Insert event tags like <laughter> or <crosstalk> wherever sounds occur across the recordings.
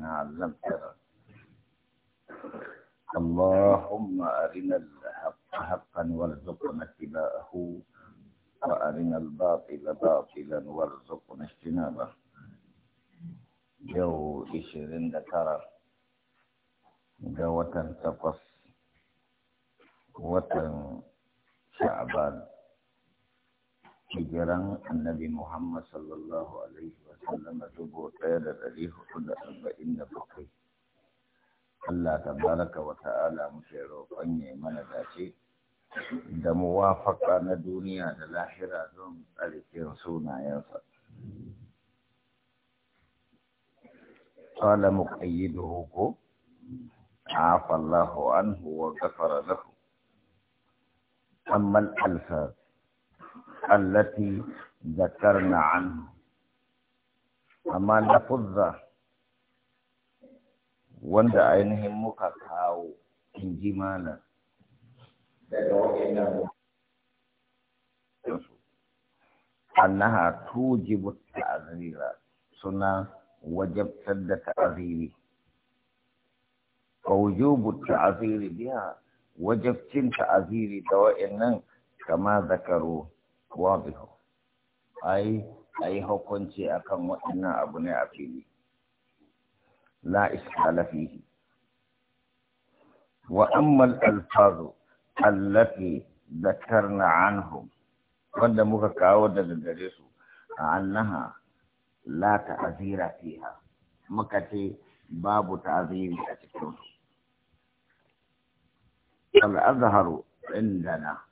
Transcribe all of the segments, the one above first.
بما اللهم أرنا الحق حقا وارزقنا اتباعه وأرنا الباطل باطلا وارزقنا اجتنابه جو إشرين ذكر جو وتن تقص وتن شعبان hijiran annabi Muhammad sallallahu Alaihi wasallam dubu ɗaya da ɗari hudu da arba'in da bakwai. Allah ta baraka wa ta'ala muke roƙon ya mana dace da muwafaƙa na duniya da lahira don tsarkin sunayensa. Kala muƙayyiduhu ko? afallahu an huwa وغفر له Amman alfar allati zakarna an amma da fuzza wanda ainihin muka kawo in ji mana daga wajen da annaha tujibu suna wajab sadda ta'zira ko wujubu ta'zira biya wajab cin ta'zira da wa'annan kama zakaru wabihu ai ai hukunci akan waɗannan abu ne a fili la iskala fihi wa amma al-alfazu allati dhakarna anhum wanda muka kawo daga gare su annaha la ta'zira fiha muka ce babu ta'ziri a cikin su al-azharu indana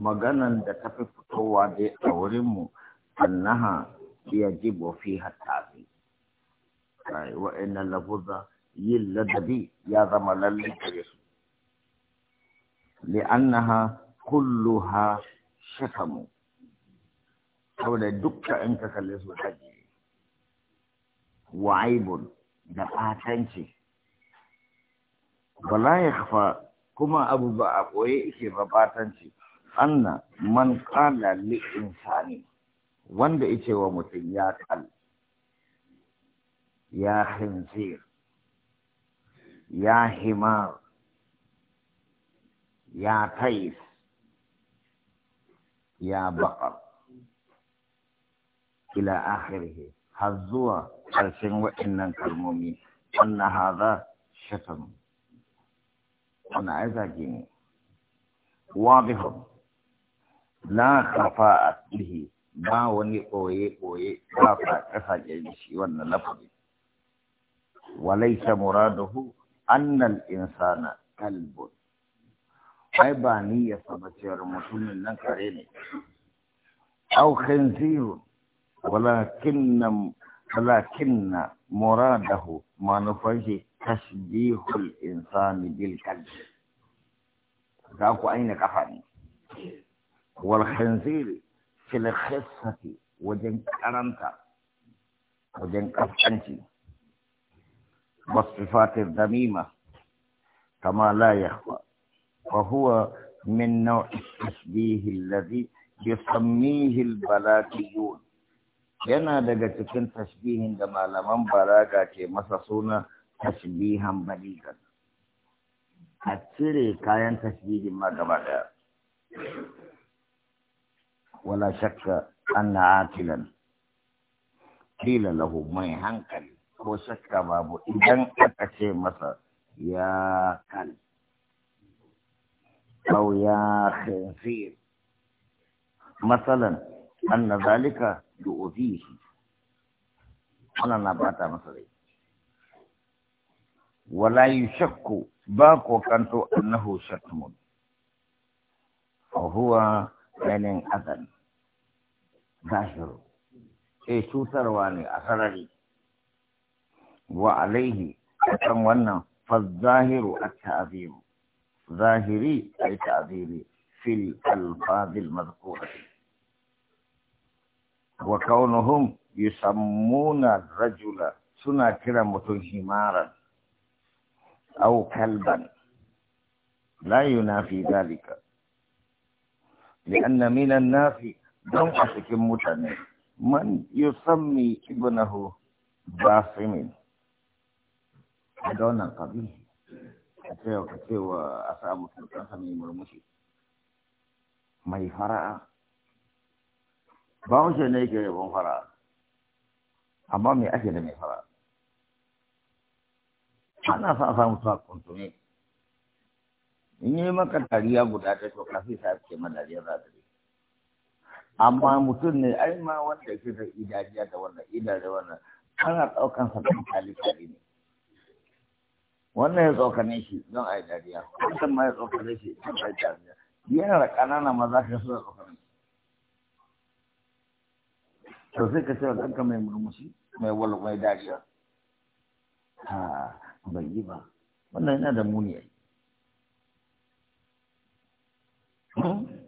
maganan da ta fi fitowa dai a wurinmu annaha ya ji bofi hatta fi wa'annan labuza yin ladabi ya zama lalle gare su li'annaha kulluha shakamu saboda dukka in ka kalle su haji wa da ɓatanci Bala ya kafa kuma abu ba a ɓoye ike ba ɓatanci anna man qala li insani wanda yace wa mutum ya kal ya khinzir ya himar ya tais ya baqar ila akhirih har zuwa ƙarshen waɗannan kalmomi wannan haza shatan wannan ai zage ne wadihun Na kafa a tsihi ba wani ɓoye-ɓoye ba fa ƙasa ƙirgi shi wannan An nan muraduhu annal insana kalbun ai ba ni ya saba cewar mutumin nan kare ne au khinziru walakinna na muradahu manufan shi tashbihul insani bil kalbi za ku aina kafa ne والخنزير في الخصة وجن كرنتا وجن كفتنتي بصفات الدميمة كما لا يخوى وهو من نوع التشبيه الذي يسميه البلاكيون ينا دقا تكن تشبيه عندما لمن بلاكا كي مصصونا تشبيها بليغا أتري كاين تشبيه ما كما ولا شك أن عاقلا قيل له ما يهنكل هو شك بابو إذن أتشي مثلا يا كل أو يا خنزير مثلا أن ذلك يؤذيه أنا نبات مثلا ولا يشك باكو كنت أنه شتم وهو من أذن ظاهر اي شو اثر لي وعليه ختم ونا فالظاهر التعظيم ظاهري اي تعظيمي في الالفاظ المذكوره وكونهم يسمون الرجل سنا كلا حمارا او كلبا لا ينافي ذلك لان من النافي don a cikin mutane man yusammi ibnahu na a Ba wannan kabihi a cewa ka cewa a samu mutum sami murmushi mai fara'a ba wuce ne ke yabon fara'a amma mai ake da mai fara'a ana sa samu sa kuntume in yi maka dariya guda ta to kafin sa ke ma dariya za ta amma mutum ne ai ma wanda ke da idariya da wannan idare wannan kana ɗaukan sa da kali ne wannan ya tsokane shi don a yi dariya wannan ma ya tsokane shi don a yi dariya yana da ƙanana maza ka so da tsokane to sai ka ce wa ɗanka mai murmushi mai wala mai dariya ha bai yi ba wannan yana da muni ai hmm?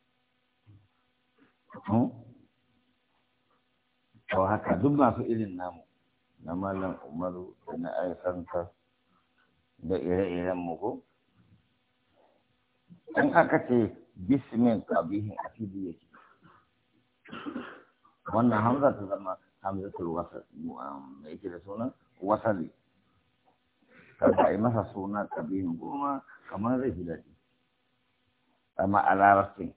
to haka duk masu irin namu na malam umaru da na aikanta da ire-iren ko in aka ce bismin kabihin a fili yake wannan hamza ta zama hamzatul mu mai um, yake da sunan wasali kada a yi masa suna kabihin goma kamar zai fi daɗi amma a larabcin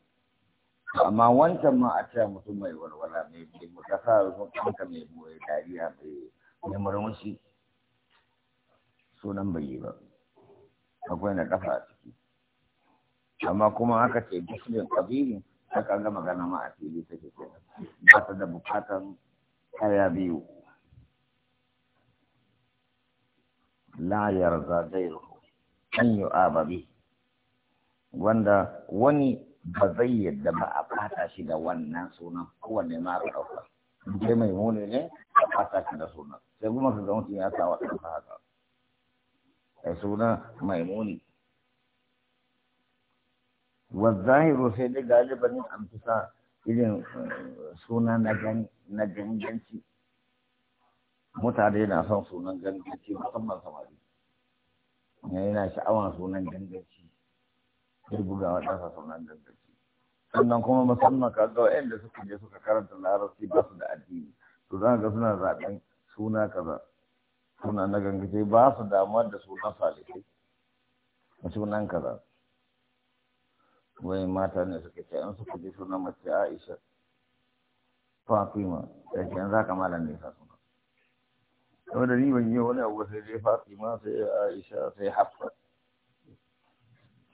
amma wancan ma a cewa mutum mai walwala mai mai mutasa kanka mai buwai dariya mai murmushi sunan bai yi ba akwai na kafa a ciki amma kuma aka ce bishirin kabiri ta kanga magana ma a fili ke kenan ba ta da bukatan karya biyu la yarda gairuhu an yu'aba wanda wani ba zai yadda ba a fata shi da wannan sunan kowanne ma a ɗauka kai mai muni ne a fata shi da sunan sai kuma su zama ya sa wa ɗansa haka A suna mai muni zahiru sai dai galiban an fi sa irin eh, suna na ganganci mutane na son sunan ganganci musamman samari yana sha'awar sunan ganganci bugawa ɗansa sunan daddaci sannan kuma musamman ga waɗanda suka je suka karanta larabci ba su da addini to za ga suna zaɓen suna kaza suna na gangace ba su damuwa da sunan salihai sunan kaza wai mata ne suka ce an suka je suna mace Aisha Fatima da ke an zaka malam ne sa suna saboda ni ban yi wani abu sai dai Fatima sai Aisha sai Hafsa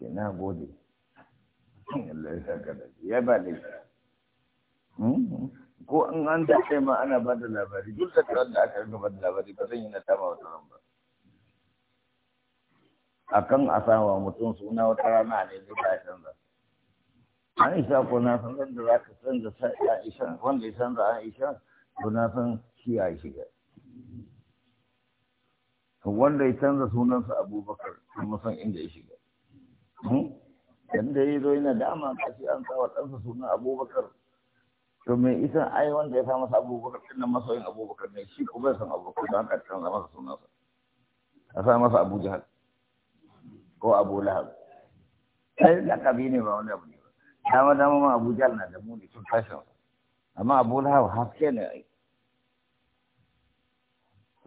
ke na gode Allah ya saka da ya ba ne hmm? ko an an da sai ma ana ba da labari duk da kan da aka ba da labari ba zan yi na tama wata ran ba akan asawa mutum suna wata rana ne zai ta canza an isa ko na san zan za zaka san da ya isa wanda ya san da an isa ko na san shi ya shiga wanda ya canza sunansa abubakar kuma san inda ya shiga yan hmm? da ya zo yana dama kashi an sa wa ɗansa suna abubakar to isan isa ai wanda ya sa masa abubakar ɗin nan masoyin abubakar ne shi kuma san abubakar don haka kan masa sunansa a sa masa abu jihar ko abu lahab sai lakabi ne ba wani abu ne ba dama dama ma abu jihar na da muni sun tashi amma abu lahab haske ne ai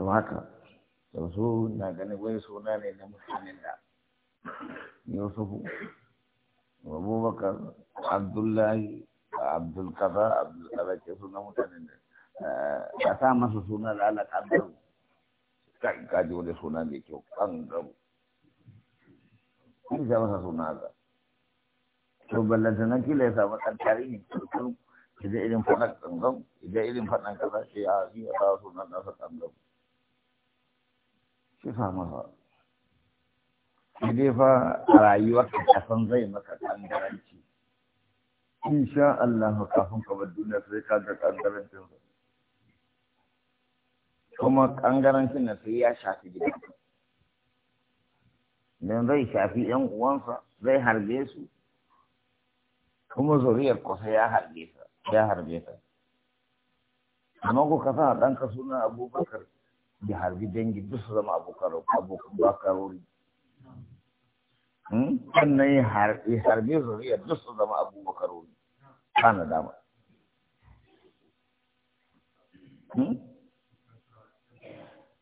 to haka to su na ganin wani suna ne na mutanen da يوسف وابو بكر عبد الله عبد القضاء عبد القضاء ke sunan mutanen ka sa masa suna lala kangaru kai ka ji wani suna mai kyau kangaru kan ja masa suna ga to ballanta nan kila ya samu ɗan tarihi kurkun idan irin faɗan kangaru idan irin faɗan kaza shi a yi a sa sunan nasa kangaru shi sa masa sai fa a rayuwar ka kasan zai maka in sha Allah kafin ka bar duniya sai ka ga kangarancin sa kuma kangarancin na sai ya shafi gida dan zai shafi yan uwansa zai harbe su kuma zuriyar kusa ya harbe ta ya harbe ta amma ko ka sa ɗanka suna abubakar ya harbi dangi duk su zama abokan abokan bakarori Hmm? sannan ya harbe zuriyar duk su zama abu makaroni ba na dama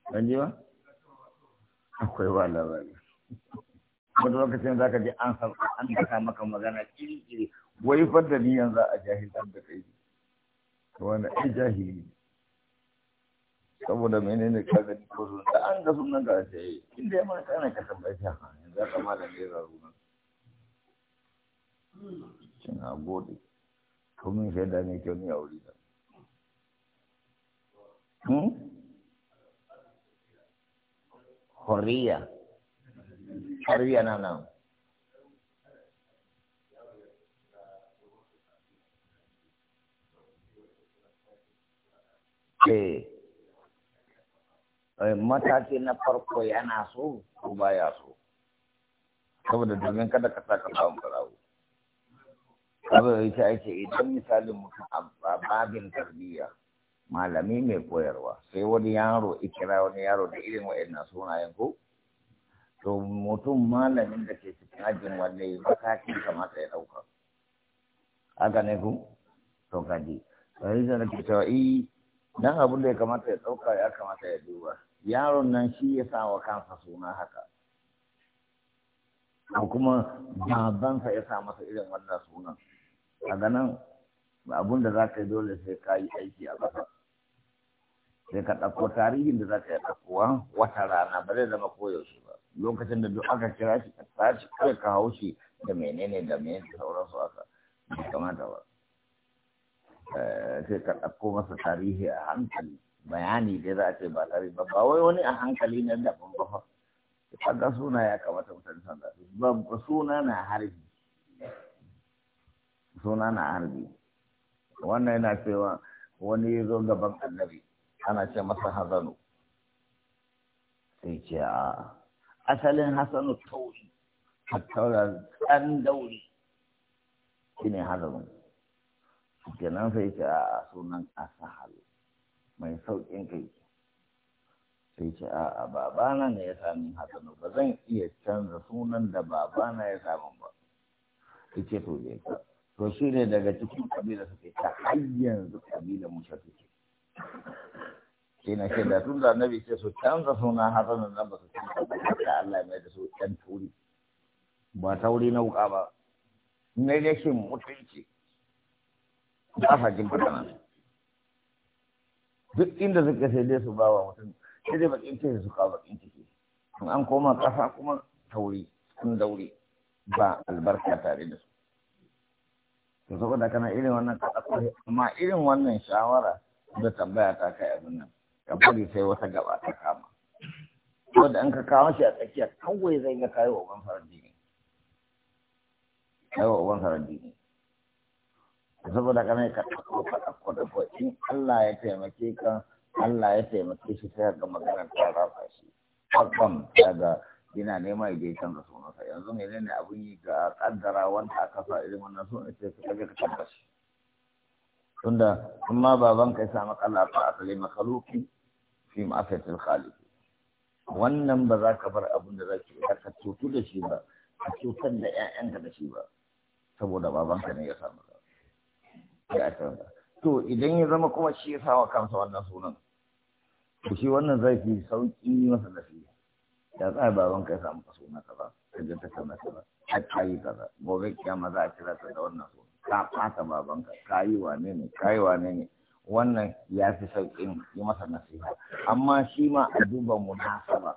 ɗan hmm? ba? akwai ba labari wata lokacin za ka ji an an daka maka magana kiri-kiri wai fadda ni yanzu a jahilin da kai wani ai jahili saboda ne ka gani ko sun da an ga sunan ga sai inda ya mana kana ka tambaye shi yanzu ka kamata ne ya runa ina gode to min da ne kyau ni a wuri hmm horiya horiya na nan Eh. Eh, mataki na farko yana so ko baya so saboda domin kada ka sa ka samu farawo saboda ita ake idan misalin mutum a babin tarbiyya malami mai koyarwa sai wani yaro ikira wani yaro da irin wa'annan sunayen ko to mutum malamin da ke cikin ajin wanda ya matakin kamata ya ɗauka haka ne ku to kaji sai da nake cewa eh dan abin da ya kamata ya ɗauka ya kamata ya duba yaron nan shi ya sa wa kansa suna haka ko kuma babansa ya sa masa irin wannan sunan daga nan abin da za ka yi dole sai ka yi aiki a ƙasa sai ka ɗauko tarihin da za ka yi ɗaukowa wata rana ba zai zama koyaushe ba lokacin da duk aka kira shi ka tashi kai ka hau shi da menene da menene sauransu haka bai kamata ba eh, sai ka ɗauko masa tarihi a hankali bayani da za a ce ba tare ba ba wai wani a hankali na daban ba kaga suna ya kamata mutane san da ba suna na harbi suna na harbi wannan yana cewa wani ya zo gaban annabi ana ce masa hazanu sai ce a asalin hasanu tauri hattaura ɗan dauri shine hazanu kenan sai ce a sunan asahalu mai sauƙin kai sai ce a'a babana ne ya sami hatsanu ba zan iya canza sunan da babana ya sami ba sai ce to zai ka to shi ne daga cikin kabila suke ta har da kabila musa suke Sai na ce da tun da annabi ce su canza sunan hatsanu nan ba su canza da Allah mai da su ɗan turi ba tauri na wuka ba ne shi mutunci Za sa jin magana duk inda suka sai dai su bawa mutum sai dai bakin ciki su kawo bakin ciki in an koma kasa kuma tauri sun daure ba albarka tare da su to saboda kana irin wannan kasa amma irin wannan shawara da tambaya ta kai abin nan ka bari sai wata gaba ta kama ko an ka kawo shi a tsakiya kawai zai ga kayo uban jini kayo uban farar jini saboda kana ka ɗauko ka ɗauko da ko in Allah ya taimake ka Allah ya taimake shi sai ga maganar ta rafa shi babban daga ina nema ya je can ka sa yanzu ne ne abun yi ga kaddara wanda aka sa irin wannan sunan sai ka kaje ka tabbashi tunda amma baban kai sa maka Allah fa asali makhluqi fi ma'afatil khaliq wannan ba za ka bar abun da zaki ka ka cutu da shi ba ka cutar da 'ya'yanka da shi ba saboda babanka ne ya samu sai a canza to idan ya zama kuma shi ya sawa kansa wannan sunan to shi wannan zai fi sauki masa nasiha da tsaya baban ka ya samu ka suna kaza ka je ta na kaza har yi kaza gobe kiyama za a kira ta da wannan sunan ka fata baban ka ka yi wane ne ka yi wane ne wannan ya fi sauƙin yi masa nasiha amma shi ma a duba munasaba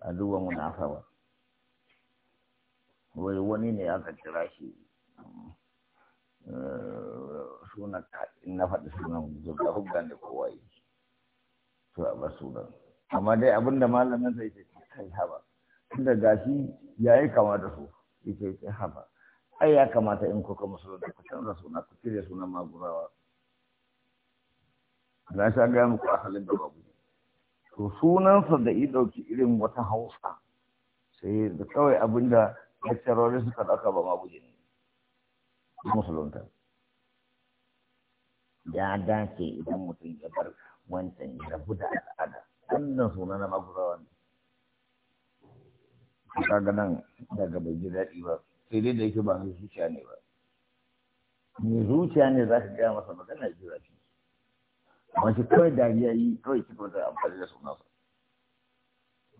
a duba munasaba wai wani ne aka kira shi Eh, sunan in na faɗi sunan zurga hubban da kowa yi to a bar sunan amma dai abin da malamin sai ce kai haba tunda gashi ya yi kama da su ita ce haba ai ya kamata in kuka musu da ku canza suna ku cire sunan magurawa na sha gaya muku halin da babu to sunansa da ya ɗauki irin wata hausa sai da kawai abin da lecturori suka ɗauka ba ma guje ne musulunta ya dace idan mutum ya bar wancan ya rabu da al'ada wannan suna na maguzawa ne kaga nan daga bai ji daɗi ba sai dai da yake ba mai zuciya ne ba mai zuciya ne za ka gaya masa magana ji zafi amma shi kawai dariya yi kawai kika da amfani da sunansa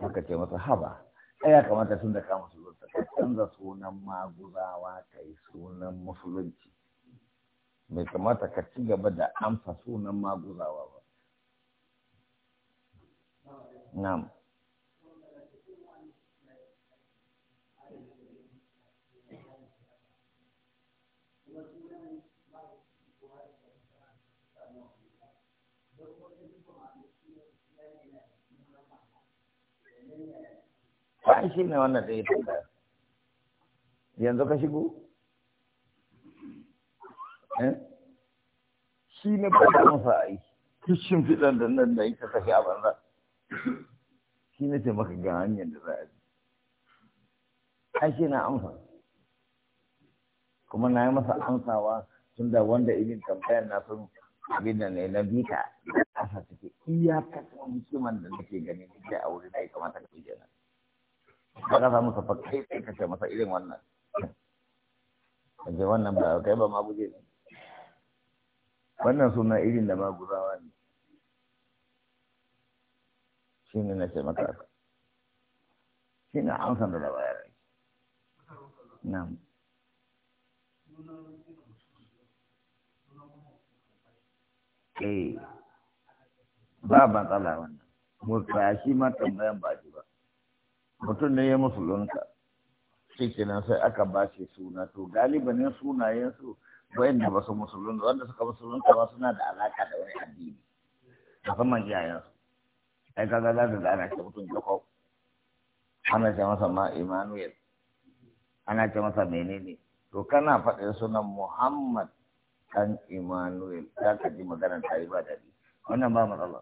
aka ce masa haba ya kamata tun da ka zuwa ka canza sunan maguzawa ka yi sunan musulunci bai kamata ka ci gaba da amsa sunan maguzawa ba na'am fa'in shi ne wannan da ya tambaya yanzu ka shigo eh? shi ne ba da masa a yi kishin fitan da nan da ta tafi a banza shi ne taimaka ga hanyar da za a yi an shi na amsa kuma na yi masa amsawa tun da wanda irin tambayar na sun abin da ne na bita asa take iyakacin mutumin da nake ganin da a wuri na yi kamata ka fi kenan ba ka samu safa kai sai ka ce masa irin wannan kaje wannan ba kai ba maguje ne wannan suna irin da maguzawa ne shi ne na ce maka shi ne amsan da zaba yare na eh ba matsala wannan mutsa shi ma tambayan ba shi ba mutum ne ya musulunta shi kenan sai aka ba shi suna to galibanin sunayensu bayan da basu musulunta wanda suka musulunta ba suna da alaka da wani addini musamman iyayensu ai kaga za da ana ce mutum jakob ana ce masa ma emmanuel ana ce masa menene to kana faɗin sunan muhammad dan emmanuel za ka ji maganar ta yi ba daɗi wannan ba matsala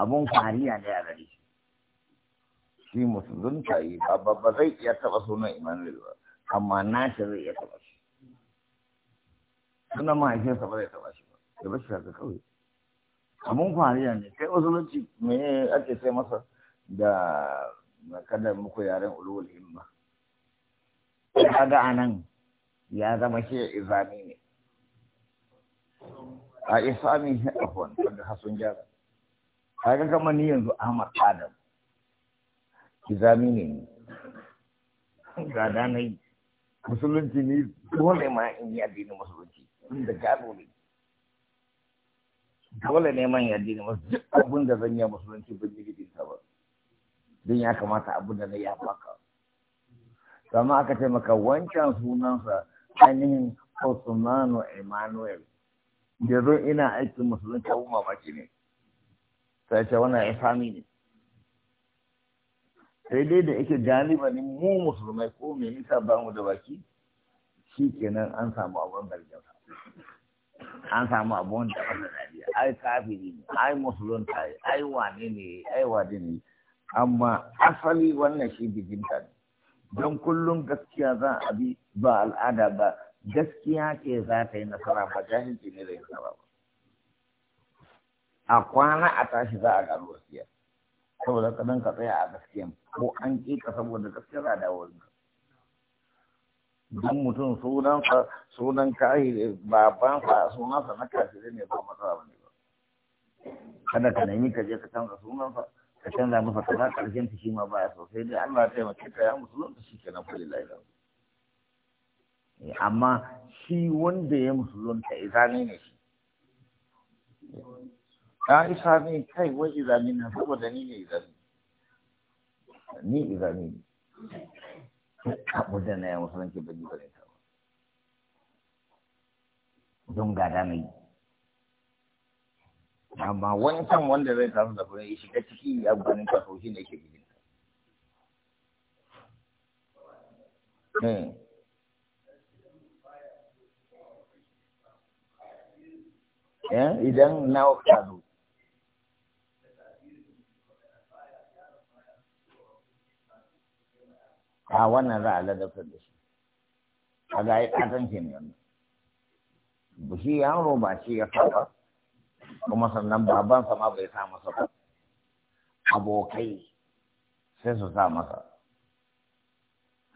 abun fariya ne a gari shi musulunta yi ba ba zai iya taɓa sunan Emmanuel ba amma na shi zai iya taɓa shi sunan mahaifinsa ba zai taɓa shi ba da bashi shi haka kawai Abin fariya ne kai musulunci me ake sai masa da kada muku yaren ulul himma kaga anan ya zama shi izami ne a isami afwan kaga hasun jara kaga kama ni yanzu Ahmad Adam zamine ne ga yi musulunci ne dole ma in yi addinin musulunci da gado ne dole ne man yi addinin musulunci duk abin da zan yi musulunci ban yi gidin ba don ya kamata abin da na yi baka sama aka ce maka wancan sunansa ainihin Osmanu Emmanuel da ina aikin musulunci abu mamaki ne sai ce wannan fami ne sai dai da yake galibanin mu musulmai ko me nisa ba mu da baki shi kenan an samu abun bargin an samu abun da wanda dariya ai kafiri ne ai musulunta ne ai wane ne ai wane ne amma asali wannan shi bijinta ne don kullum gaskiya za a bi ba al'ada ba gaskiya ce za ta yi nasara ba jahilci ne zai nasara ba a kwana a tashi za a gano wasiyar saboda ka ka tsaya a gaskiya ko an kika saboda gaskiya za a dawo ka don mutum sunansa sunan kahi babansa sunansa na kafirai ne ba matsala ba ne ba kada ka nemi ka je ka canza sunansa ka canza masa kaza karshen ta shi ma baya sosai dai Allah ya taimake ka ya musulunta shi kenan kulli lafiya eh, amma shi wanda ya musulunta izani ne shi Aisha isa ne kai wai izami na saboda ni ne izami ni izami ne abu da na yi musulunci ban yi ba ne ta ba don gada na yi wani wancan wanda zai samu da kuma ya shiga ciki ya gwanin kaso shi ne ke gidin hmm. eh, idan na kano a wannan za a ladabtar da shi a ga ya kasance ne wannan shi yaro ba shi ya saba kuma sannan babansa ma bai sa masa ba abokai sai su sa masa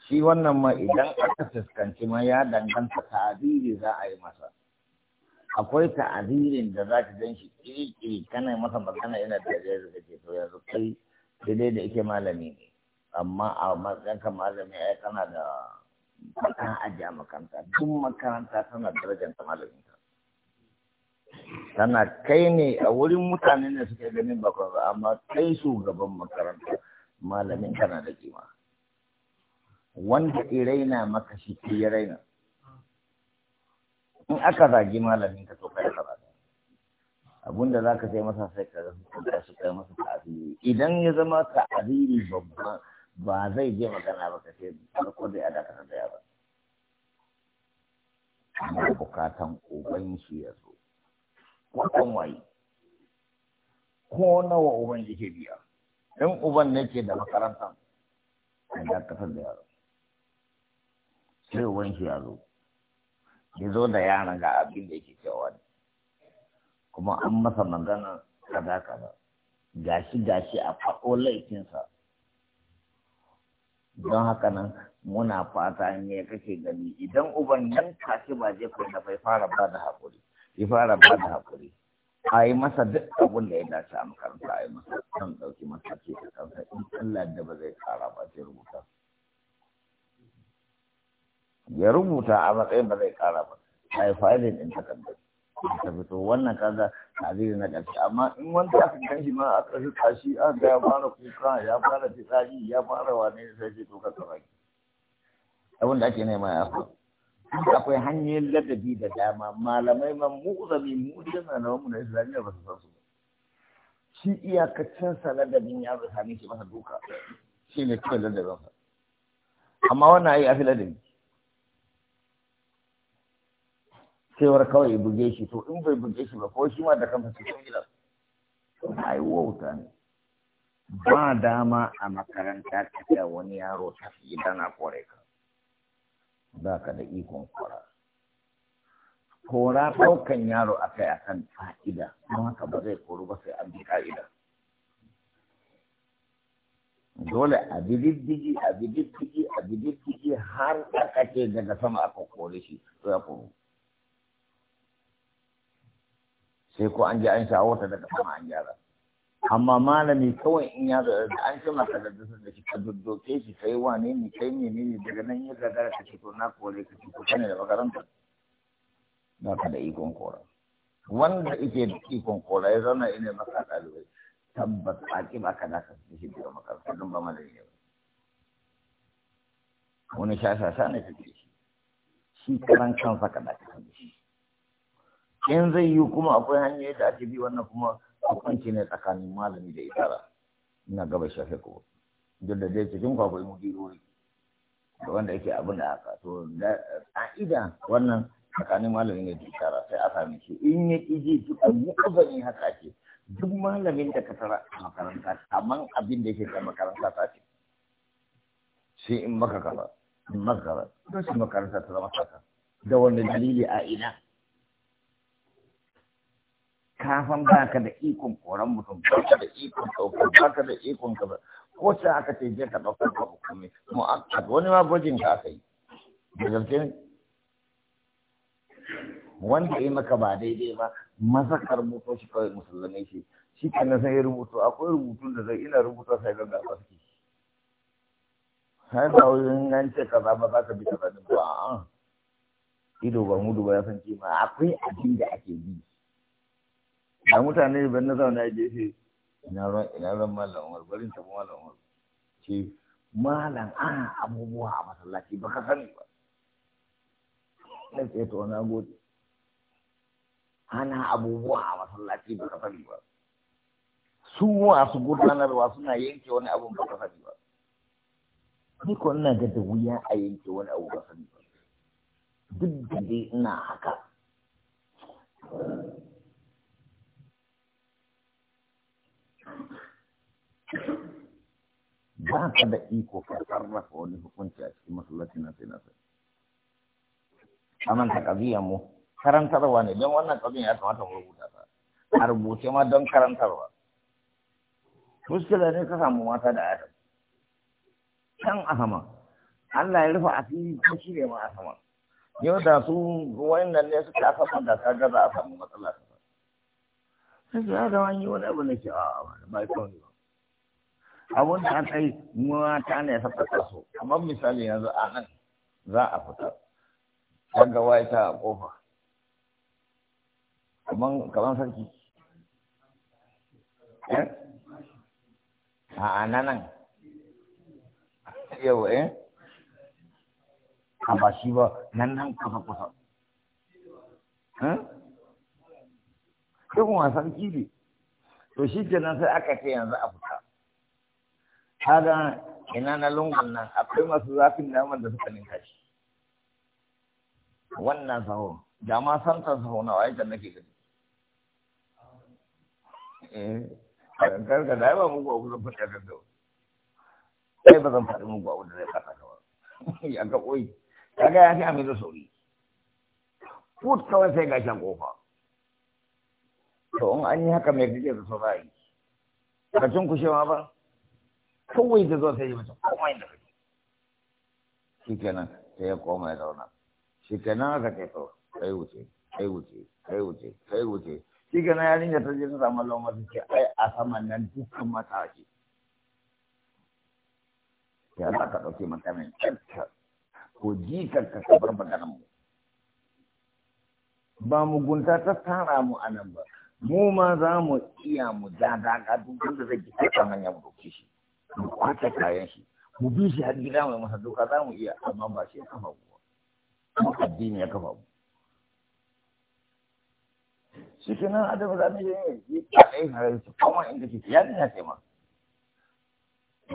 shi wannan ma idan aka fuskanci ma ya danganta ta'aziri za a yi masa akwai ta'azirin da za ta gan shi kiri kiri kana masa magana yana da ya da ke so yanzu kai daidai da ike malami ne amma a matsayin ka malami ai kana da faɗa a makaranta duk makaranta tana darajanta malaminta tana kai ne a wurin mutane ne suke ganin bakwai ba amma kai shugaban makaranta malamin kana da kima wanda ya raina maka shi ke ya raina in aka zagi malamin ka to kai ka ba abun da za ka sai masa sai ka ga su kai masa ta'aziri idan ya zama ta'aziri babban ba zai je magana ba kace farko dai a dakatar da yaron ana bukatan uban shi ya zo kan waye ko nawa uban yake biya in uban ne ke da makarantar a dakatar da yaron sai uban shi ya zo ya zo da yana ga abin da yake cewa ne kuma an masa magana kaza kaza gashi gashi a faɗo laifinsa don haka nan muna fata ne kake gani idan uban nan kashi ba je kai bai fara ba da hakuri ya fara ba da hakuri a yi masa duk abin da ya dace a makaranta a yi masa kan ɗauki mataki a kansa in Allah da ba zai kara ba zai rubuta ya rubuta a matsayin ba zai kara ba a yi fa'ilin ɗin takardar ta fito wannan kaza taziri na ƙarshe amma in wanda aka kan shi ma a shi tashi an ga ya fara kuka ya fara fitsari ya fara wane ne sai shi to ka ki abin da ake nema ya faru akwai hanyoyin ladabi da dama malamai ma mu zabi mu da malaman mu na islamiyya ba su san su shi iyakacin sa ladabin ya zai sami shi masa duka shi ne kawai ladabin amma wannan ayi fi ladabi cewar kawai buge shi to in bai buge shi ba ko shi ma da kansa cikin gida ai wauta ne ba dama a makaranta ka ga wani yaro ta gida na kore ka ba ka da ikon kora kora ɗaukan yaro a kai akan fa'ida don haka ba zai koru ba sai an bi ka'ida dole a bididdigi, a bididdigi, a bididdigi har aka ce daga sama aka kore shi ya koru sai ko an je an shawo ta daga sama an gyara amma malami kawai in ya da an ci masa da da shi ka doke shi kai wane ne kai ne ne daga nan ya gagara ka ci to na kore ka ci ko kane da makaranta ba ka da ikon kora wanda yake da ikon kora ya zauna ina masa ɗalibai tabbas a ki ba ka nasa da shi daga makaranta don ba malami ne ba wani shasa sa ne kake shi shi karan kansa ka da shi in zai yi kuma akwai hanyar da ake bi wannan kuma hukunci ne tsakanin malami da itara ina gaba shafe ko duk da dai cikin ku akwai mudirori da wanda yake abin da aka to a ka'ida wannan tsakanin malami ne da itara sai a sami shi in ya ki ji duka mu'azani haka ce. duk malamin da ka tara a makaranta kaman abin da yake a makaranta ta ce sai in maka kaza in maka kaza don shi makaranta ta zama saka da wanda dalili a ina ka san ba ka da ikon koran mutum ba ka da ikon ɗaukar ba ka da ikon ka ko ta aka ce je ka ɗaukar ka hukumi mu wani ma gwajin ka aka yi da zarce wanda ya maka ba daidai ba maza ka rubuto shi kawai musulmi shi shi ka na sai rubutu akwai rubutun da zai ina rubuta sai ga gaba suke sai ba wurin nan ce kaza ba za ka bi kaza ba a'a ido ba mudu ba ya san kima akwai abin da ake bi a mutane ban na zauna gefe ina ran ina ran malam Umar barin ta malam Umar ce malam ana abubuwa a masallaci baka sani ba na ce to na gode ana abubuwa a masallaci baka sani ba su masu gudanarwa suna yanke wani abu baka sani ba ni ko ina ga da wuya a yanke wani abu baka sani ba duk da dai ina haka ba ka da iko ka sarrafa wani hukunci a cikin masallaci na sai na sai amma ta kabiyar mu karantarwa ne don wannan kabiyar ya kamata mu rubuta ta a rubuce ma don karantarwa muskila ne ka samu mata da adam can a sama Allah ya rufe asiri ko shi ne ma a sama yau da su nan ne suka a da kaga za a samu matsala sai ya an yi wani abu na ke a ba ba abun da ta yi mata ne suka taso amma misali yanzu a nan za a fita daga waita a kofa kaman sarki eh? a nan yau eh a ba shi ba nan nan kusa kusa Dukkan eh? wasan ne, to shi kenan sai aka ce yanzu a fita. kaga ina na lungun nan akwai masu zafin naman da suka ninka shi wannan zaho da ma santan zaho na wajen nake gani eh ka da ba muku ku zan fada da sai ba zan faɗi muku a da zai fada da ya ga koyi <laughs> kaga ya fi amin da sauri put kawai sai ga shan kofa to in an yi haka mai kake da saurayi ka cin kushewa ba kawai da zuwa sai yi mata komai da kake shi kenan sai ya koma ya zauna shi kenan aka ce to kai wuce kai wuce kai wuce kai wuce shi kenan yarinya ta je ta samu lomar ta ce ai a saman nan dukkan mata ake ya za ka ɗauke mata mai kyakkyar ko jikar ka ka bar maganar mu ba mugunta ta tara mu a nan ba mu ma za mu iya mu da, ga duk da zai ji kan hanya mu ɗauke shi mu kayan shi mu bi shi har gida mai masa doka za mu iya amma ba shi kafa mu ba addini ya kafa mu shi ke nan adam za mu yi yi kalai na rai su kuma inda ke ya ne ya ce ma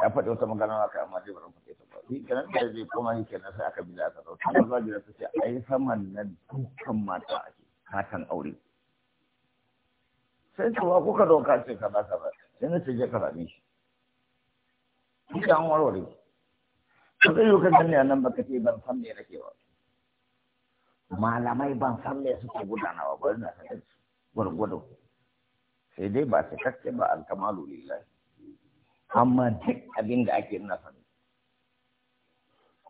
ya faɗi wata magana wa kai amma zai bari mu ta ba shi ke nan da zai koma shi ke nan sai aka bi da aka dauka ba za gida su ce ai saman nan dukkan mata ake matan aure sai ce wa kuka doka ce kaza kaza sai na ce je ka rame shi duka an warware to a nan baka ce ban san me nake ba malamai ban san me suke gudanawa ba ina sanar gurgudu sai dai ba cikakke ba kamalu lillahi amma duk abin da ake nuna sani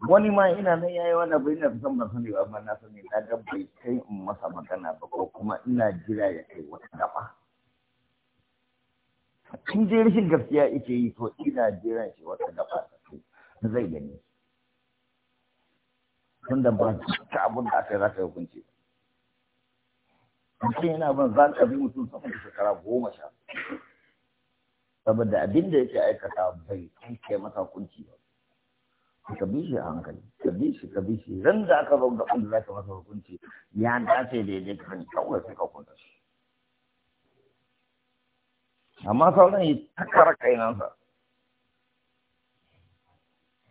wani ma ina nan yayi wani abu ina san ban sani ba amma na sani na dan bai kai in masa magana ba ko kuma ina jira ya kai wata gaba in dai rashin gaskiya ita yi to ina jiran shi wata gaba zai gani tun da ba ta abin da aka yi za ka yi hukunci mutum yana ban za ka bi mutum sama da shekara goma sha saboda abin da yake aikata bai kai masa hukunci ba ka bi shi a hankali ka bi shi ka bi shi ran da aka zo ga da za ka masa hukunci ya dace daidai kan kawai sai ka kunta shi amma sauran yi takara kainansa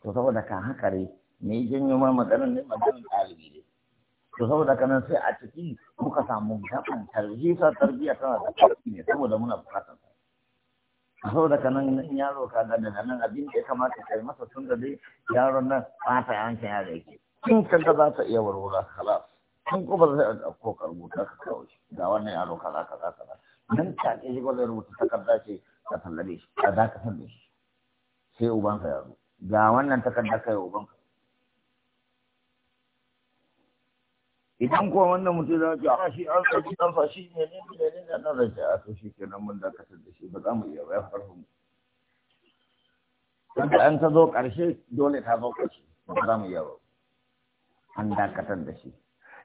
to saboda ka haka ne me janyo ma maganar ne maganar ɗalibi ne to saboda ka nan sai a ciki muka samu gaban tarbiyya tarbiyya tana da ƙarfi ne saboda muna buƙatar ta saboda ka nan in yaro ka ga daga nan abin da ya kamata kai masa tun da dai yaron nan fata yankin yaro yake kan kaga za ta iya warwara kalas kin kuma zai ɗauko ka rubuta ka kawo shi ga wannan yaro kaza kaza kaza nan take shi gwada rubuta takarda ce ka sallame shi a za ka sallame shi sai ubanka ya zo ga wannan takarda ka yi ubanka idan kuwa wannan mutum za ka a shi an sarki an fa shi ne ne ne ne na nan shi a to shi kenan mun dakatar da shi ba za mu iya ba ya farfa mu wanda an ta zo ƙarshe dole ta zo ƙarshe ba za mu iya ba an dakatar da shi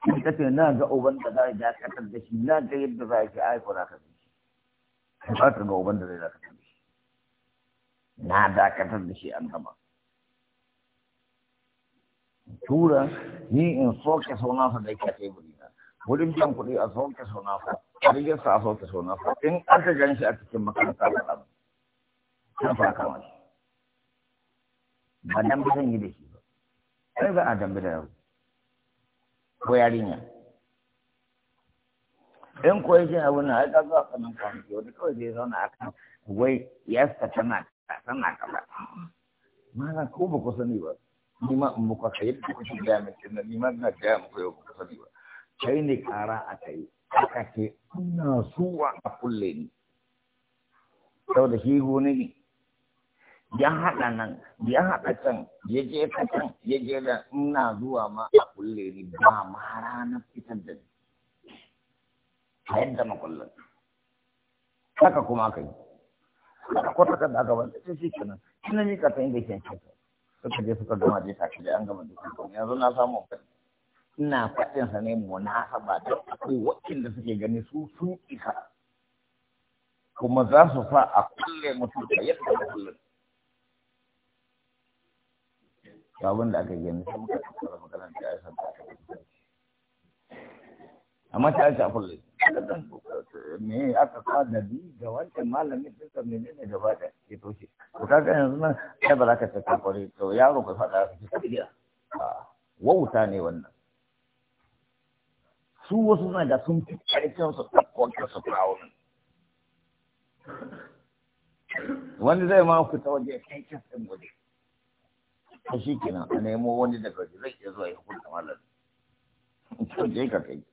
in ka ce na ga uban da za a dakatar da shi na ga yadda za a ke aiko na kaji ba ka ga uban da zai zaka da shi na dakatar da shi an gama tura ni in soke sauna sa da yake a teburi na wurin jan kuɗi a soke sauna sa a rigin sa a soke sauna sa in aka gan shi a cikin makaranta da ɗan kan fa kama shi ba dan zan yi da shi ba sai ba a dambe da yau ko yarinya in ko yake abin nan haka zuwa sanin ka nan wani kawai zai zauna a kan wai yasta tana tana kaba mana ko ba ku sani ba ni ma in muka kai da kuke da mai nan ni ma na ga muku yau ba ku sani ba kai ne kara a kai aka ce ina suwa a kulle ni saboda shi gone ne ya haɗa nan ya haɗa can ya je ka can ya je da ina zuwa ma a kulle ni ba ma rana fitar da ni a yadda makullin haka kuma aka yi haka ko takarda aka ba sai shi kenan shi na mika ta inda ke kyauta suka je suka gama je tashi da an gama dukkan kuma yanzu na samu ina faɗin sa ne munasaba da akwai wakil da suke gani su sun isa kuma za su fa a kulle mutum da yadda da kullum babun da aka gani sai muka tattara maganar da ya san ta amma ta ce a kullum ɗaliban me aka sa ga wancan malamin sun da ke toshe to kaga yanzu nan kai ba za ka ne wannan su wasu na da sun fi ƙarfin su su kawo wani zai ma fita waje kai kan ɗin waje ta shi kenan a nemo wani daga zai iya zuwa ya hukunta malamin <laughs> to ka kai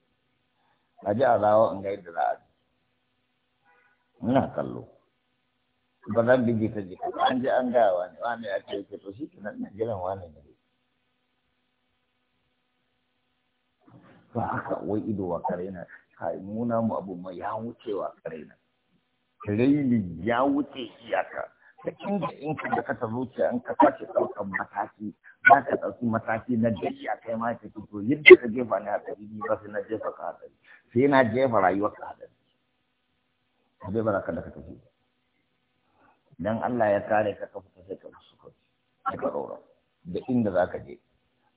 a ji a rawa in ga yadda za a ina kallo ba zan bi jita jita an ji an gaya wani wani a ce yake to shi ke nan jiran wani ne ba haka wai ido wa kare na kai muna mu abu ma ya wuce wa kare na raini ya wuce iyaka ta inda in ka da kata zuciya in ka kwace ɗaukar mataki za ka ɗauki mataki na dashi a kai ma ta fito yadda ka jefa ni ɗari ni ba sai na jefa ka haɗari sai na jefa rayuwar ka haɗari ka jefa bara ka da ka tafi dan Allah ya kare ka ka fita sai ka musu kai ka rora da inda za ka je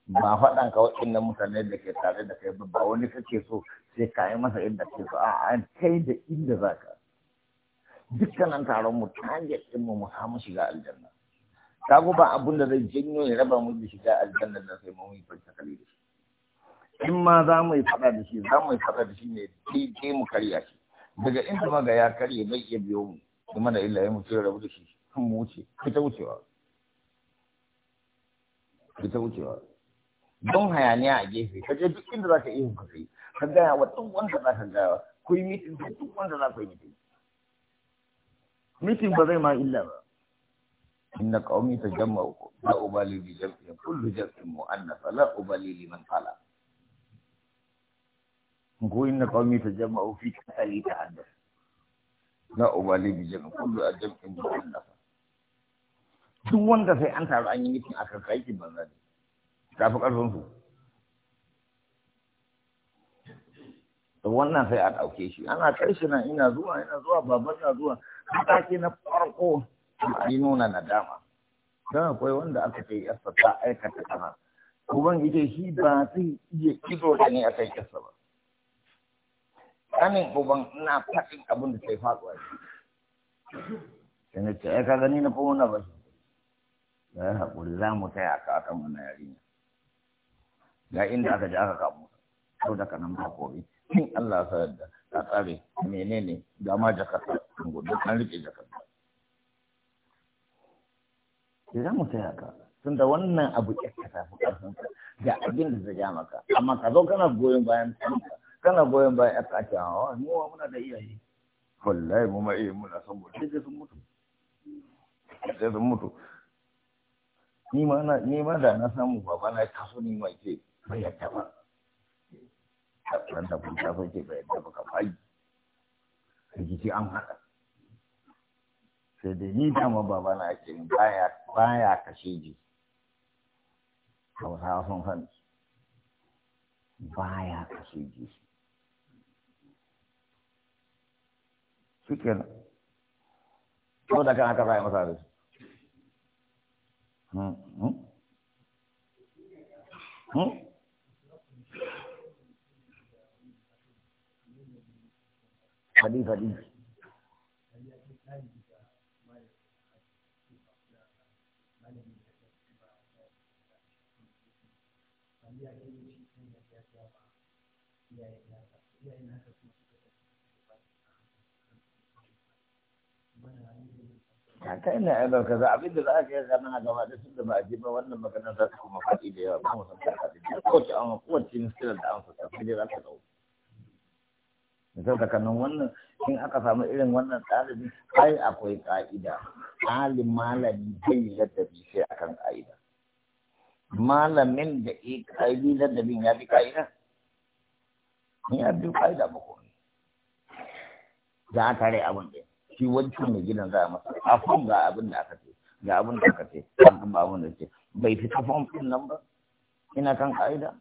ba faɗan ka waɗannan mutane da ke tare da kai ba wani kake so sai ka yi masa inda ke so a'a kai da inda za ka dukkanin taron mu ta hanyar mu mu samu shiga aljanna kago ba abun da zai janyo ya raba mu da shiga aljanna da sai mu yi farka kali da shi in ma za mu yi fada da shi za mu yi fada da shi ne daidai mu karya shi daga inda ma ga ya karye bai iya biyo mu kuma da illa ya mu ce rabu da shi kan mu wuce fita wucewa fita wucewa don hayaniya a gefe ka je duk inda za ka iya ka kai ka gaya wa duk wanda za ka gaya ku yi mitin duk wanda za ku yi mitin mitin ba zai ma illa ba inna qaumi tajamma'u la ubali bi jam'in kullu jam'in mu'annath la ubali liman qala ko inna qaumi tajamma'u fi kasali ta'addas la ubali bi jam'i kullu jam'in mu'annath duk wanda sai an taru an yi mitin a kan aikin banza ne fi karfin su wannan sai a ɗauke shi ana kai shi nan ina zuwa ina zuwa baban na zuwa mataki na farko yi nuna nadama don akwai wanda aka ce yarsa ta aikata kana uban ita shi ba zai iya kizo da ne akan kasa ba kanin uban ina faɗin abin da sai faɗuwa shi sai na ce ka gani na na ba shi da yi haƙuri za mu taya ka akan wannan yarinya ga inda aka ji aka kamu sau da kanan ba kobi in Allah sa yadda ta tsare menene ga ma jakarta gudu an rike jakarta za mu taya ka tun da wannan abu ya ka tafi ƙarfin ka ga abin da zai ja maka amma ka zo kana goyon bayan ɗanka kana goyon bayan ya kace a ah, mu wa muna da iyaye wallahi mu ma iyaye muna kan gobe sai sun mutu sai sun mutu ni ma na ni ma da na samu babana ya kaso ni ma ke bai ya taɓa nan da kun tafi ce bai yadda baka fayi rikici an haɗa sai da ni dama baba na ake baya baya kashe ji hausawa sun sani baya kashe ji shi kenan sau da kan haka za a yi masa da faɗi faɗi kai ne ai baka za abin da za ka yi kana gaba da sun da ba a ji ba wannan maganar za ta kuma faɗi da yawa ba mu san ta faɗi ko ta an ko ta da an fasa sai dai za ta dauka da tsakanin wannan in aka samu irin wannan ɗalibi ai akwai ƙa'ida ɗalin malami zai ladabi sai akan ƙa'ida malamin da ke ƙa'idi ladabin ya fi ƙa'ida ya fi ƙa'ida ba ko za a tare abin ɗin shi wancan mai gidan za a masa a fom ga abin da aka ce ga abin da aka ce an ba abin da ce bai fita fom ɗin nan ba ina kan ƙa'ida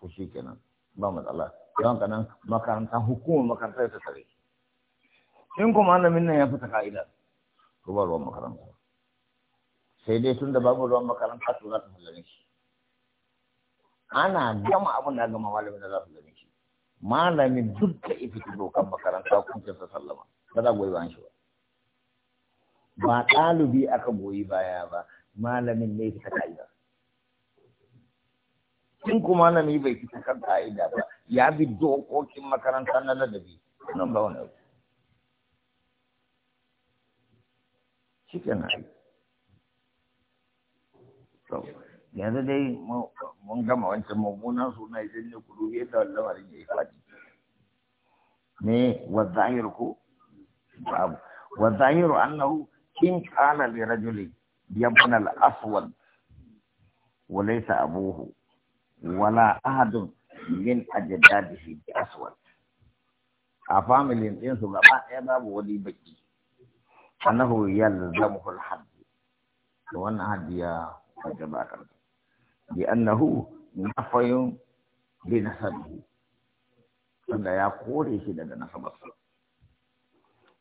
ko shi kenan ba matsala yawan kanan makaranta hukumar makaranta ta tare in kuma malamin nan ya fita ka'ida ko ba ruwan makaranta sai dai tun da babu ruwan makaranta to za ta sallame shi ana gama abin da gama malamin da za su gani shi malamin duk da ita ta dokan makaranta hukuncin sa sallama ba za goyi bayan shi ba ba ɗalibi aka goyi baya ba malamin ne ta in kuma na ni bai fita kan ka'ida ba ya bi dokokin makaranta na ladabi nan ba wani abu shi so yanzu dai mun gama wancan mummunan suna idan ne kudu da lamarin ya yi faɗi ne wa zahir ko babu wa zahiru annahu in qala li rajulin yabna al aswad wa laysa abuhu wala ahadun min ajdadihi bi aswad a familin din su gaba ɗaya babu wani baki annahu yalzamuhu al-hadd to wannan haddi ya wajaba kan bi annahu nafayun bi nasabihi wanda ya kore shi daga nasabarsa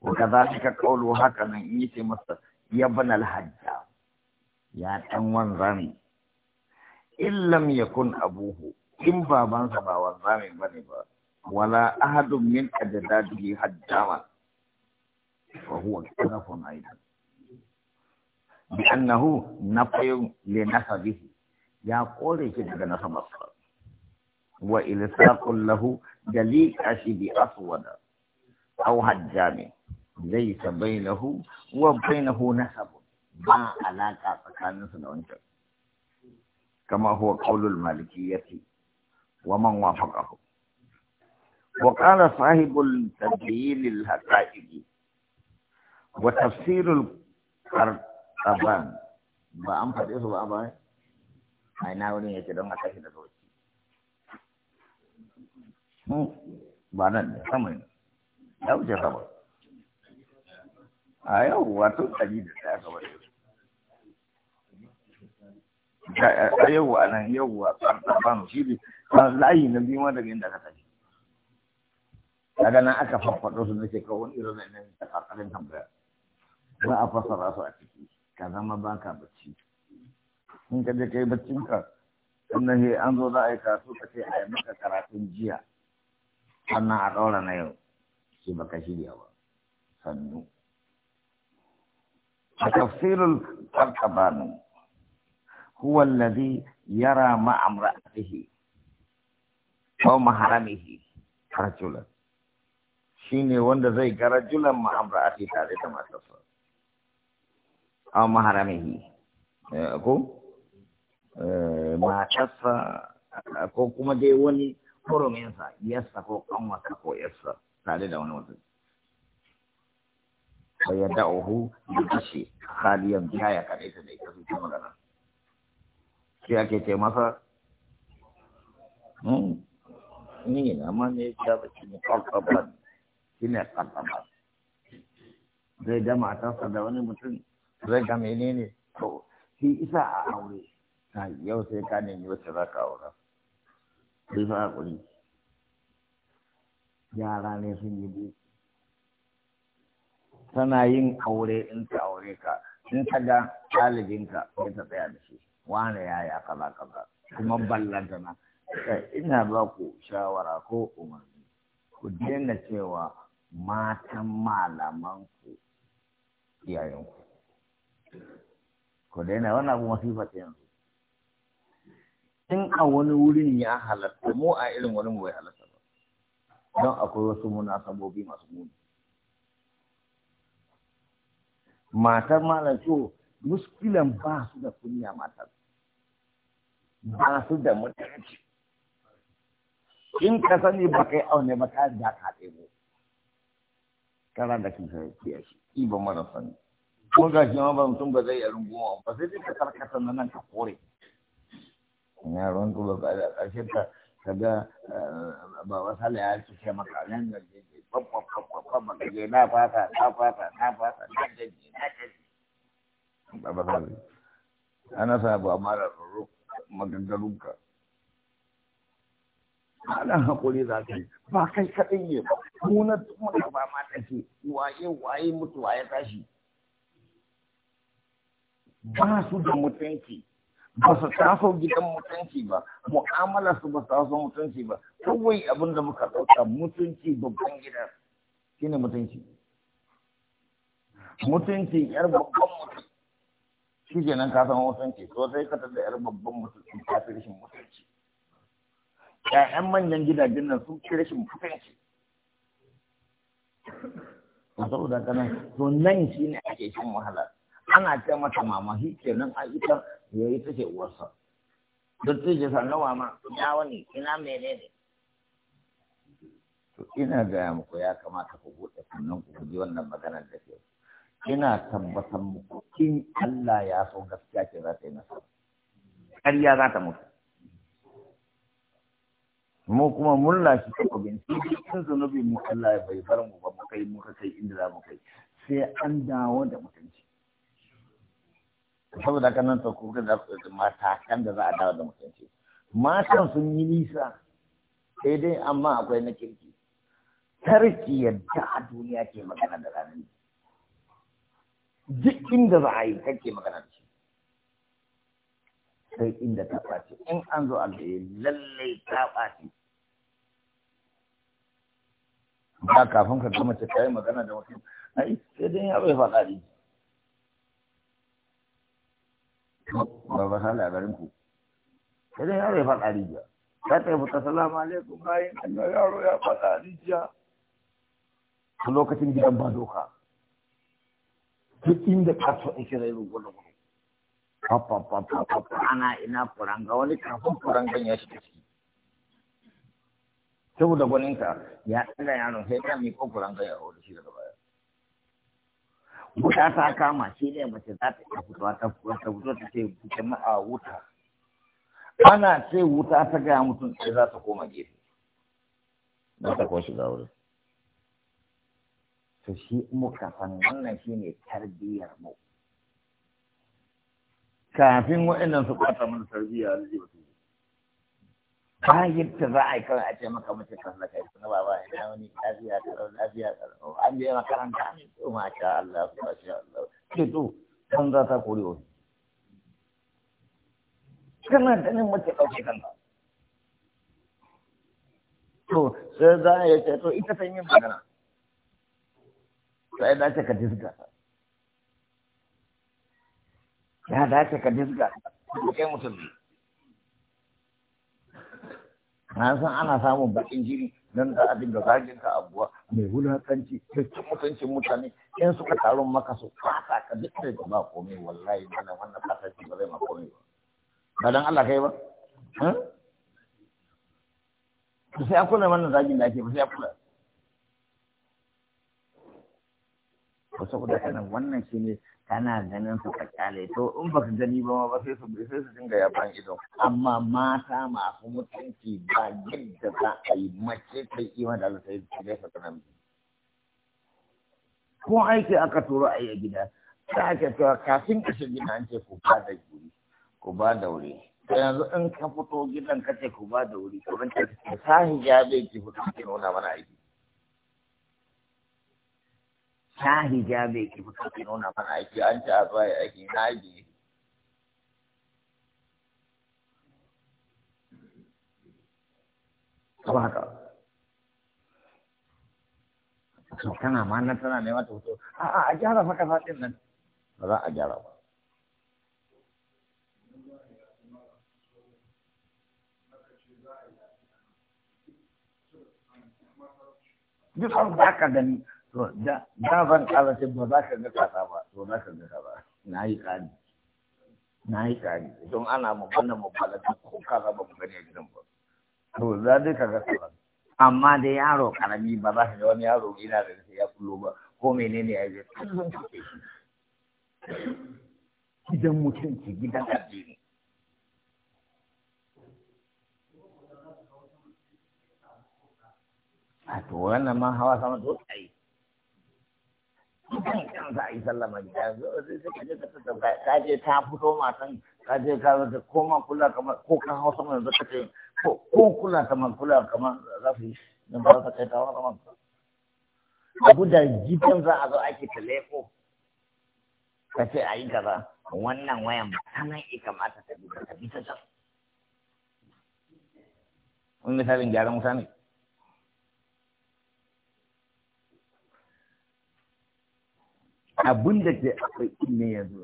wa kadhalika qawlu haka nan in yace masa yabna al-hajja ya dan wanzami illam yakun abuhu in babansa ba wanzamin bane ba wala ahadun min ajdadihi haddama wa huwa kafun aidan bi annahu nafyun li nasabihi ya kore shi daga nasabarsa wa ilsaqul lahu dalika shi bi aswada aw hajjami laysa bainahu wa bainahu nasab ba alaka tsakaninsu da wancan كما هو قول المالكية ومن وافقه وقال صاحب التبديل الحقائق وتفسير القرطبان بأم حديث بأبا أين أولي يتدون أتاكد أتوشي بانان سمين لو جربت أيوه آه، واتو تجيد أتاكد yawwa nan yawwa tsarfanu shi ne layi na biyu ma daga da ka tafi daga nan aka farfaɗo su nake kawo wani irin da nan da karkarin tambaya ba a fasara su a ciki ka zama ba ka bacci in ka je kai baccin ka sannan he an zo za a yi karatu ka ce a yi maka karatun jiya sannan a ɗaura na yau shi baka shirya ba sannu a tafsirul karkabanu huwa allazi yara ma amra'atihi aw maharamihi rajulan shine wanda zai ga rajulan ma tare da matarsa aw maharamihi ko matarsa ko kuma dai wani huruminsa yassa ko kanwarsa ko yassa tare da wani mutum fa yada'uhu bi kashi khaliyan biha ya kadaita da ita su magana shi ake ce masa hmm? ni na ma ne ta ba shi ne kwakwaban shi ne kwakwaban zai ga matarsa da wani mutum zai ga menene to shi isa a aure yau sai ka nemi wacce za ka aura sai fa hakuri yara ne sun yi buku tana yin aure in ta aure ka in ta ga ɗalibinka sai ta tsaya da shi wane ya yi kaza kaza kuma ballanta na ina ba ku shawara ko umarni ku daina cewa matan malaman ku iyayen ku daina wannan abu masifa ta yanzu in a wani wurin ya halatta mu a irin wani mu bai halatta ba don akwai wasu munasabobi masu muni matar malam ciwo muskilan ba su da kunya matar ba su da mutunci in ka sani ba kai aune ba ka da ka ɗebo kara da kin sai kiya shi iba mara sani ko ga shi ma ba mutum ba zai yi runguma ba sai dai ka karkata na nan ka kore ina ruwan ku ba da ƙarshe ta kaga ba wasa da ya ci ce maka nan da babban babban babban ka je na fata na fata na fata na jaji na jaji babasari ana sabu a mara tsoro ka. ana haƙuri za ka yi ba kai kaɗai ne ba muna muna ba ma tafi waye waye mutuwa ya tashi ba su da mutunci ba su taso gidan mutunci ba mu'amala su ba su taso mutunci ba kawai abin da muka ɗauka mutunci babban gidan shine mutunci mutunci yar babban mutum shi kenan ka san mutunci to sai ka tada yar babban mutunci ta fi rashin mutunci ƴaƴan manyan gidajen nan sun fi rashin mutunci saboda kanan to nan shi ne ake shan wahala ana ce mata mama shi kenan a ita ya yi take uwarsa don tuje sannan ma ina wani ina menene to ina gaya muku ya kamata ku buɗe sannan ku guji wannan maganar da ke ina tabbatar muku kin Allah ya so gaskiya ce za ta yi nasara ƙarya za ta mutu mu kuma mun lashe takobin sun zunubi mu Allah bai bar mu ba mu kai muka kai inda za mu kai sai an dawo da mutunci saboda haka nan to ku da kan da za a dawo da mutunci matan sun yi nisa sai dai amma akwai na kirki tarki yadda a duniya ke magana da ranar duk inda za a yi kake magana da shi sai inda ta ɓace in an zo alheri eh, lalle ta ɓace ba kafin ka gama ta kai magana da wasu ai sai dai ya bai faɗa ne ba ba sala garin ku sai dai ya bai faɗa ba ka ta yi fita salamu alaikum bayan Allah yaro ya faɗa ne a lokacin gidan ba doka duk inda kaso yake zai rugu da gudu ana ina furanga wani kafin furangan ya shiga ciki saboda gwaninka ya tsira yaro sai ta ko furangan ya hau da shi daga baya wuta ta kama shi ne mace za ta iya fitowa ta ta fito ta ce jama'a wuta ana ce wuta ta gaya mutum sai za ta koma gefe za ta kuwa ga wurin to shi muka san wannan shi ne tarbiyyar mu kafin wa'annan su kwata mana tarbiyya a lalace batu ba yadda za a yi kawai a ce maka mace kan na yi na baba ina wani lafiya kalau lafiya kalau an je makaranta ne to masha Allah sha Allah ke to kan za ta kore wani kana ganin mace ɗauke kanta to sai za a yi ce to ita ta yi magana sai dace ka disga ya dace ka disga kai mutum na san ana samun bakin jini don da a dinga zagin ka abuwa mai wulakanci cikin mutuncin mutane in suka taron maka su fata ka duk da ba komai wallahi mana wannan fatanci ba zai ma komai ba ba don Allah kai ba hm? sai akwai kula wannan zagin da ake ba sai akwai kula to saboda kana wannan shine kana ganin su ka kyale to in baka gani ba ma ba sai su sai su dinga yaban ido. amma mata masu mutunci ba yadda za a yi mace ta yi da alasai su ne su kanan ko aiki aka turo a yi gida ta ake cewa kafin ka shiga gida an ce ku ba da juri ku ba da wuri to yanzu in ka fito gidan ka ce ku ba da wuri to ban ta ta hijabe ki fito ki nuna mana aiki ta hijabe ki fito ki nuna mana aiki an ta zuwa ya aiki na aiki kama kana tana ma nan tana ne ta fito a a a gyara fa din nan ba za a gyara ba duk an baka gani to da ban karanta ba za ka ga kasa ba to za ka ga ba na yi kani na yi kani don ana mabanna wannan mu falata ko kaza ba mu gani a gidan ba to za dai ka ga kasa amma dai yaro karami ba za ka ga wani yaro ina da sai ya kullo ba ko menene ya je gidan mutunci gidan addini a to wannan ma hawa sama to ai kan kan za a yi sallama gida sai sai kaje ka tattauka ka je ta fito matan ka je ka koma kula kamar ko kan hausa mai ce ko kula kamar kula kamar za su yi don ba za kai kamar da gidan za a zo ake talefo ka ce a yi kaza wannan wayan ba ta nan ya kamata ta bi ta bi ta can. Wani misalin gyaran mutane. ne. abin da ke akwai ne yanzu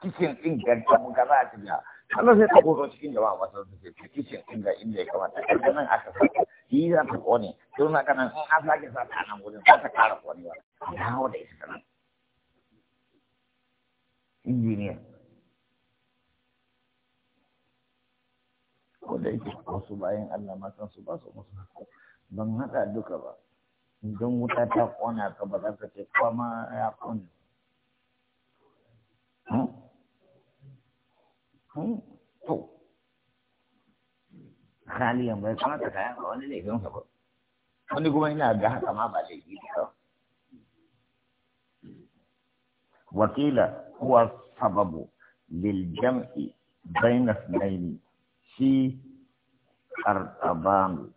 kicin ɗin ganta mun kaza a cikin Allah sai ta gozo cikin jama'a masu da ke kicin ɗin ga inda ya kamata a nan aka sa yi za ta kone don na nan an an sake sa ta nan wurin za ta kara kone konewa dawo da iska nan injiniya ko da yake wasu bayan Allah matan su ba su musu ban haɗa duka ba don wuta ta kona ka ba za ka ce kwama ya kone hmm? hmm? to haliyan bai ta kayan ka wani laifin ka ba wani kuma ina ga haka ma ba laifi ne ba wakila kuwa sababu lil jam'i bayna sunaini shi artabanu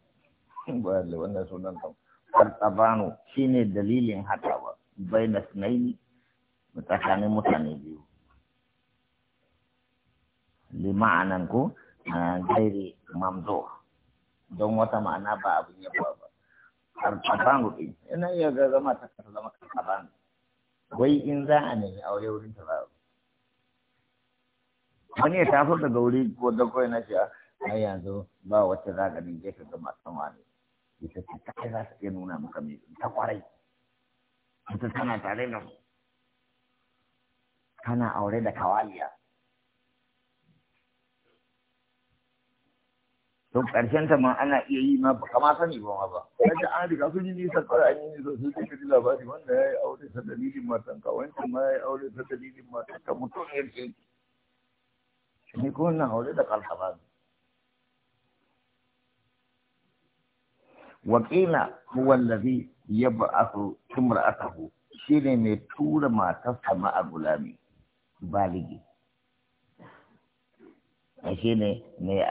ba da wannan sunan kan al-tabanu shine dalilin hadawa baina sunaini tsakanin mutane biyu lima'anan ko gairi mamdo don wata ma'ana ba abin yawa ba al-tabanu din yana iya ga zama ta zama al wai in za a nemi aure wurin ta ba wani ya taso daga wuri ko da na shi a yanzu ba wacce za ka je ka ga matan wani ita ce ta kai za ta iya nuna maka mai ta kwarai ita tana tare da su kana aure da kawaliya Don ƙarshen ta ma ana iya yi ma ba kama sani ba ba yadda an riga sun yi nisa kawai an yi nisa sun ta ji labari wanda ya yi aure ta dalilin matan ka wancan ma ya yi aure ta dalilin matan ka mutum ya ce ni ko na aure da kalhaba ne وقيل هو الذي يبعث imra'atahu shine mai tura ما a gulami baligi shi ne mai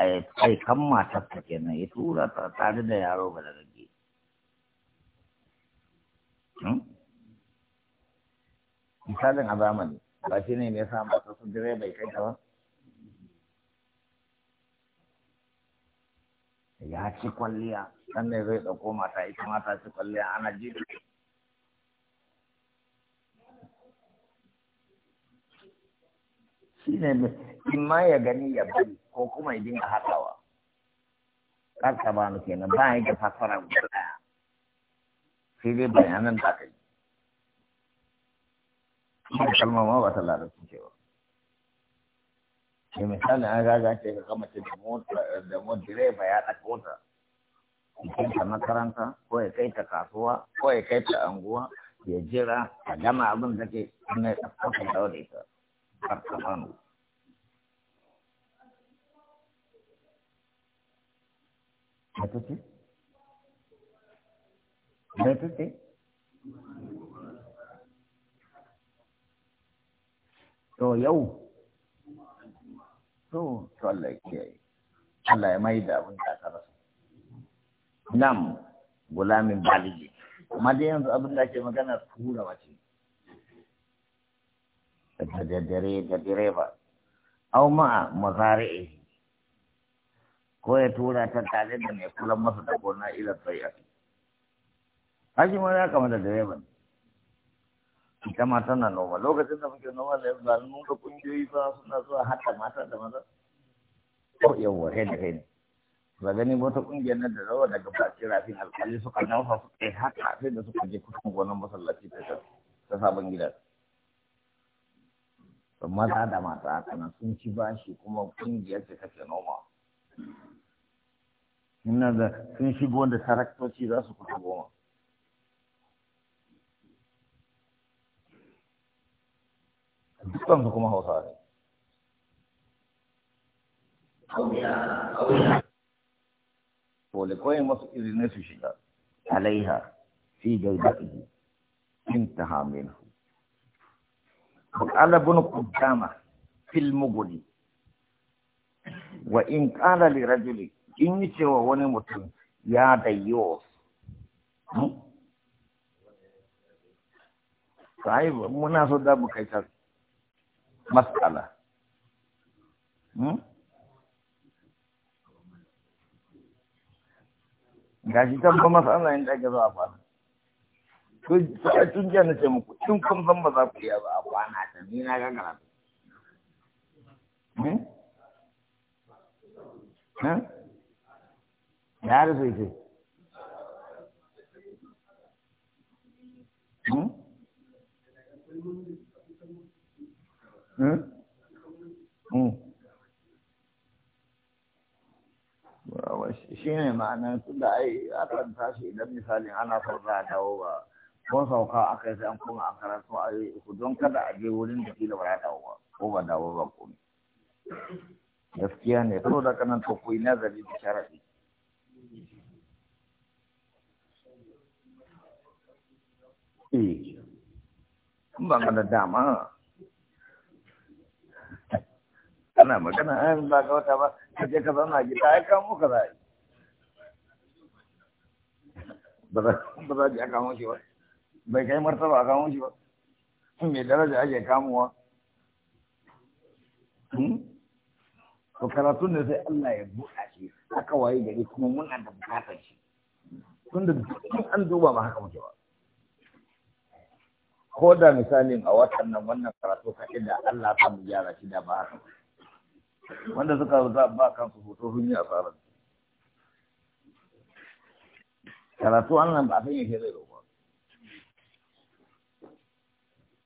aikan matarsa kenan ya tura ta tare da yaro ba da rage misalin a zamani ba yasa ne mai direba ya kai ta ba ya ci kwalliya nan ne zai ɗauko mata ita mata ci kwalliya ana ji da shi ne in ma ya gani ya bi ko kuma ya dinga haɗawa ƙarƙa ba nuke nan ba ya da fasara guda ɗaya sai dai bayanan da aka yi kalma ma ba ta lalata cewa sai misali an gagace ka kama ce da mota da mota direba ya ɗauko ta kai ta makaranta ko ya kai ta kasuwa ko ya kai ta anguwa ya jira a gama abin da ke ne ɗauko ta daure ta har ta fano Matuti? Matuti? To yau so to Allah ya kiyaye Allah ya mai da abin da aka nam gulamin baligi amma dai yanzu abin da ake magana tura wace da dare da direba au ma'a mazari'i ko ya tura ta tare da mai kulan masa da gona ila sai a haji ma ya kama da direban ita ma tana noma lokacin da muke noma da yanzu zan mun ga kungiyoyi fa suna zuwa hatta mata da maza ko yawa kai da kai ba gani wata kungiyar nan da zawa daga bakin rafin alƙali suka nausa su kai haka sai da suka je kusan gonan masallaci ta ta sabon gida maza da mata kana sun ci bashi kuma kungiyar ta kace noma ina da sun shigo da taraktoci za su kusa goma Bukan hukum Allah Ta'ala. Alhamdulillah. Boleh kau yang masuk izinnya suci tak? Alaiha. Fi jaybaihi. Intaha minhu. Bukala bunuh kudama. Fil muguli. Wa inkala li in Ini cewa wani mutum. Ya hmm? da dayo. Sahib, muna kai berkaitan. mas'ala hmm? ga shi tabba mas'ala yin ɗage zuwa kwana tun jiya na ce muku in kun san ba za ku iya zuwa kwana ta ni na gangara hmm? hmm? ya rufe ce Hmm? Eh? Hmm. shi ne ma'anar tun da ai akan shi idan misalin ana sauka a dawo ba ko sauka aka yi sai an kuma a karatu a yi uku don kada a je wurin da kila ba ya dawo ba ko ba dawo ba ko gaskiya ne ko da kanan to kuyi nazari da sharaɗi eh ban da dama Ana magana an ba ga wata ba ka je ka zama gida ai kan muka za yi ba za ji aka shi ba bai kai martaba aka shi ba mai daraja ake kamuwa hmm? to karatun ne sai Allah ya buɗa shi aka waye gari kuma muna da bukatar shi tunda dukkan an duba ma haka muke ba ko da misalin a watan nan wannan karatu ka da Allah ta mu gyara shi da ba haka wanda suka za ba kansu hoto sun yi asarar karatu an nan ba a san yake zai zo